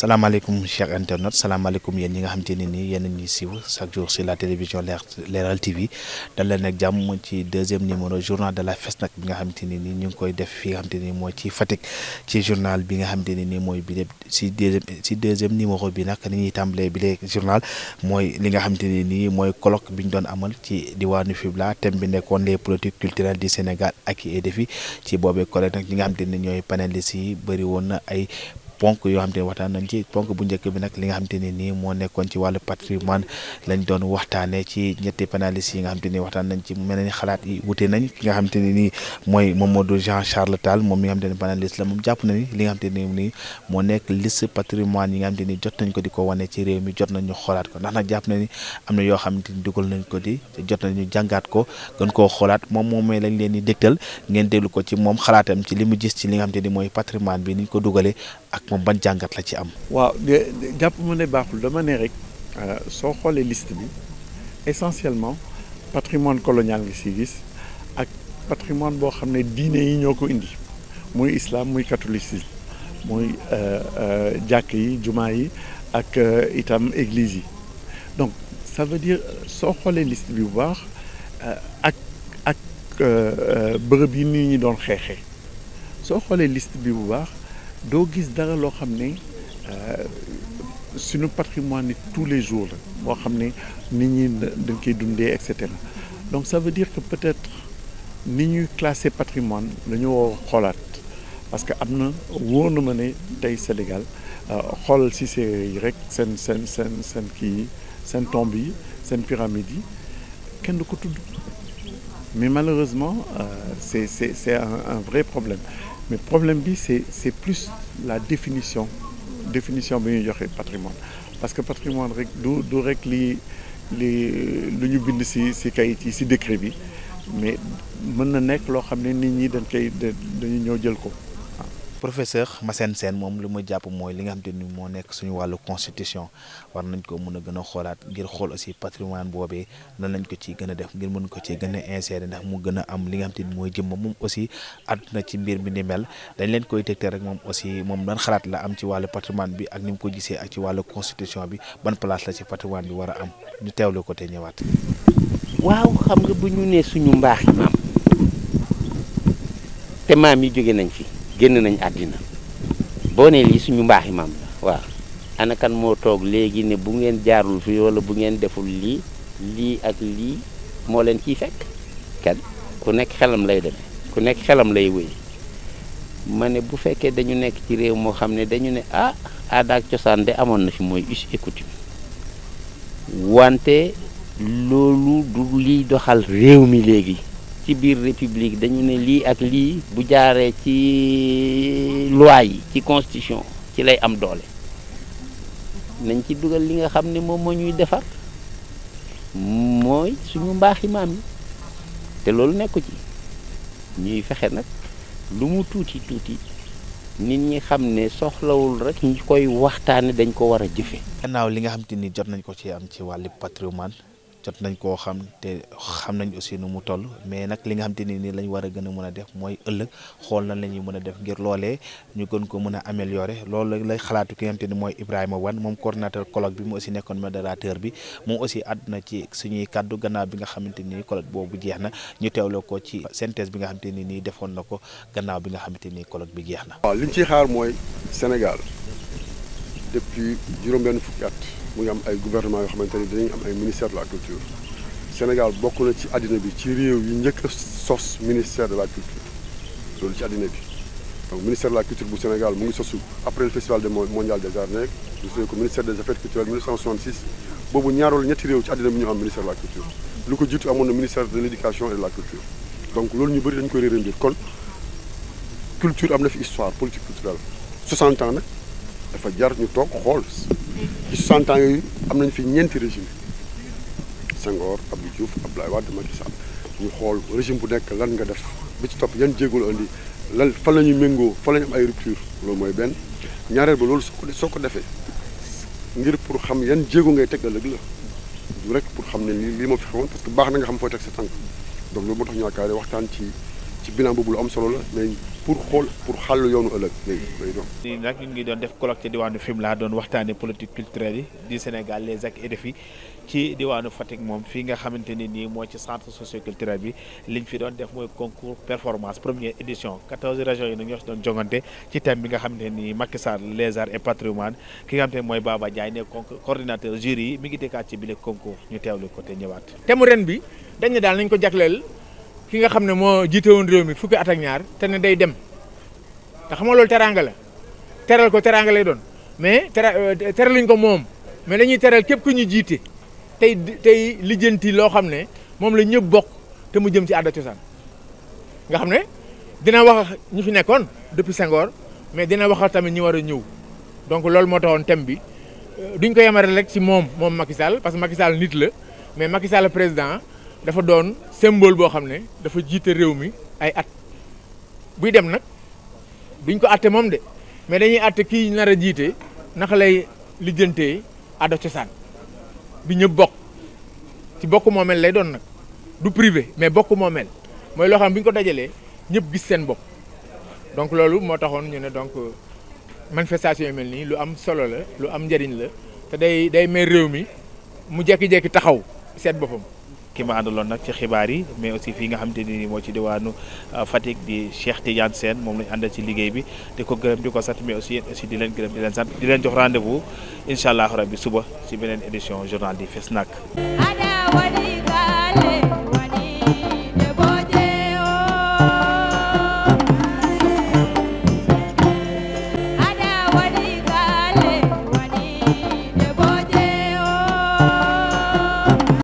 salaamaaleykum chers internautes salaamaaleykum yéen ñi nga xamante ne nii yéen ñuy siiw chaque jour si la télévision Leral Leral TV dal leen ak jàmm ci deuxième numéro journal de la nag bi nga xamante ne nii ñu ngi koy def fi nga xamante ni mooy ci Fatick ci journal bi xamante ne nii mooy bi si deuxième si deuxième numéro bi nag ni ñuy tàmbalee bi léegi journal mooy li nga xamante ne nii mooy colloque bi ñu doon amal ci diwaanu Fibla thème bi nekkoon les politiques culturelles du Sénégal ak i défis ci boobee colloque nag ñi nga xam ne ñooy panélistes yi bëri woon na ay ponk yoo xam te ne waxtaan nañ ci ponk bu njëkk bi nag li nga xam te ne nii moo nekkoon ci wàllu patrimoine lañ doon waxtaanee ci ñetti pénaliste yi nga xam te ne waxtaan nañ ci ni xalaat yi wute nañ ki nga xam te ne nii mooy Mamadou Jean Charles moom mi nga xam te moom jàpp ni li nga ne nii moo nekk liste patrimoine yi nga jot nañ ko di ko wane ci réew mi jot nañ ñu xoolaat ko ndax nag jàpp nañ am na yoo xam ni dugal nañ ko di jot nañu jàngaat ko gën koo xoolaat moom moomee lañ leen di dégtal ngeen déglu ko ci moom xalaatam ci li mu gis ci li nga xam te ni mooy patrimoine bi niñ ko dugalee ak moom ban jàngat la ci am. waaw jàpp ma ne baaxul dama ne rek euh, soo xoolee liste bi essentiellement patrimoine colonial ngi si gis ak patrimoine boo xam ne diine yi ñoo ko indi muy islaam muy catholicisme muy euh, euh, jàkk yi jumaa yi ak itam église yi donc ça veut dire soo xoolee liste bi bu baax ak ak bërëb yi nit ñu doon xeexee soo xoolee liste bi bu baax. doo gis dara loo xam ne euh, suñu patrimoine ni tous les jours la moo xam ne nit ñi dañ koy dundee et cetera donc ça veut dire que peut-être ni ñuy classé patrimoine dañu war a xoolaat parce que am na wóor na ma ne tey Sénégal euh, xool ci séeréer yi rek seen seen seen seen kii yi seen tombe yi seen pyramide yi kenn du ko tudd mais malheureusement euh, c'est c'est c'est un, un vrai problème mais problème bi c'est c'est plus la définition définition bi ñuy joxe patrimoine parce que patrimoine rek du du rek li li lu ñu bind si ci kayit yi si décret bi mais mën na nekk loo xam ne nit ñi dañ koy dañu ñëw jël ko professeur Massène Sène moom li ma jàpp mooy li nga xam te ni moo nekk suñu wàllu constitution war nañ koo mën a gën a xoolaat ngir xool aussi patrimoine boobee nan lañ ko ci gën a def ngir mën ko ci gën a insérer ndax mu gën a am li nga xam te ni mooy jëmm moom aussi àdduna ci mbir mi ni dañ leen koy tegte rek moom aussi moom lan xalaat la am ci wàllu patrimoine bi ak ni mu ko gisee ak ci wàllu constitution bi ban place la ci patrimoine bi war a am ñu teewlu ko te ñëwaat. xam nga bu ñu nee suñu mbaax yi maam te maam yi jóge nañ fi. génn nañ àddina boo ne lii suñu mbaaxi maam la waaw ana moo toog léegi ne bu ngeen jaarul fi wala bu ngeen deful lii lii ak lii moo leen ciy fekk kan ku nekk xelam lay dem ku nekk xelam lay wéy ma ne bu fekkee dañu nekk ci réew moo xam ne dañu ne ah aada ak cosaan de amoon na fi mooy us et coutume wante loolu du liy doxal réew mi léegi ci biir république dañu ne lii ak lii bu jaaree ci loi yi ci constitution ci lay am doole nañ ci dugal li nga xam ne moom moo ñuy defar mooy suñu mbaaxi maam yi te loolu nekku ci ñuy fexe nag lu mu tuuti tuuti nit ñi xam ne soxlawul rek ñu koy waxtaane dañ ko war a jëfe kannaaw li nga xam te ni jot nañ ko ci am ci wàll patrimoine jot nañ koo xam te xam nañ aussi nu mu toll mais nag li nga xam te ni nii lañ war a gën a mën a def mooy ëllëg xool nan la ñuy mën a def ngir loole ñu gën ko mën a améliorer loolu lay xalaatu ki nga xam te ni mooy Ibrahima Wane moom coordinateur colloque bi mu aussi nekkoon modérateur bi moom aussi àdduna ci suñuy kàddu gannaaw bi nga xamante ni colloque boobu jeex na ñu teewle ko ci synthèse bi nga xamante ni nii defoon na ko gannaaw bi nga xamante ni colloque bi jeex na. waaw li ñu ciy xaar mooy Sénégal depuis mu ngi am ay gouvernement yoo xamante ni dinañ am ay ministère de la culture Sénégal bokk na ci àddina bi ci réew yu njëkk sos ministère de la culture loolu ci àddina bi donc ministère de la culture bu Sénégal mu ngi sosu après le festival de mondial des arts nègres ñu tuddee ko ministère des affaires culturelles 1966 boobu ñaarool ñetti réew ci àddina bi ñu am ministère de la culture lu ko jiitu amoon na ministère de l' et la culture donc loolu ñu bëri dañu koy réeré mbir kon culture am na fi histoire politique culturelle 60 ans nag dafa jar ñu toog xool ci 60 ans yooyu am nañ fi ñeenti régime Senghor Abdou Diouf Abdoulaye Wade Macky Sall ñu xool régime bu nekk lan nga def bi ci topp yan jéego la indi lan fan la ñu méngoo fan la ñu am ay rupture loolu mooy benn ñaareel ba loolu soo ko soo ko defee ngir pour xam yan jéego ngay teg ëllëg la du rek pour xam ne lii lii moo fi xewoon parce que baax na nga xam fooy teg sa tànk donc loolu moo tax ñu waxtaan ci ci bilan boobu lu am solo la mais. pour xool pour xàll yoonu ëllëg lay lay doon. nii nag ñu ngi doon def colloque ci diwaanu Fimela doon waxtaanee politique culturelle yi du Sénégal les actes et défis ci diwaanu Fatick moom fii nga xamante ni nii moo ci centre socioculturel bi liñ fi doon def mooy concours performance première édition 14 régions yi nag ñoo si doon jongante ci thème bi nga xamante ne nii Macky Sall les arts et patrimoine ki nga xamante ne mooy Baba Ndiaye ne coordinateur jury yi mi ngi dëkkaat ci bile concours ñu teewlu côté ñëwaat. thème ren bi ki nga xam ne moo jiite woon réew mi fukki atak ñaar te ne day dem te xam nga loolu teraanga la teral ko teraanga doon mais euh, teraluñ ko moom mais dañuy teral képp ku ñu jiite tey tey lijjanti loo xam ne moom la ñëpp bokk te mu jëm ci aada cosaan nga xam ne dina wax ñu fi nekkoon depuis Senghor mais dina waxal tamit ñi war a ñëw donc loolu moo taxoon thème bi euh, duñ ko yemale rek si moom moom Macky Sall parce que Macky Sall nit la mais Macky président dafa doon symbole boo xam ne dafa jiite réew mi ay at buy dem nag duñ ko atte moom de mais dañuy atte kii nar a jiite naka lay lijjantee ado cosaan bi ñëpp bokk ci bokk moomeel lay doon nag du privé mais bokk moomeel mooy loo xam bi ñu ko dajalee ñëpp gis seen bopp donc loolu moo taxoon ñu ne donc manifestation yi mel nii lu am solo la lu am njëriñ la te day day meer réew mi mu jekki-jekki taxaw seet boppam ki ma àndaloon nag ci xibaar yi mais aussi fii nga xamante ne nii moo ci diwaanu euh, Fatick di Cheikh Tidiane seen moom lañu àndal ci liggéey bi di ko gërëm di ko sant mais aussi yéen aussi di leen gërëm di leen sant di leen jox rendez-vous incha allah bi suba ci beneen édition journal di fes Fesnac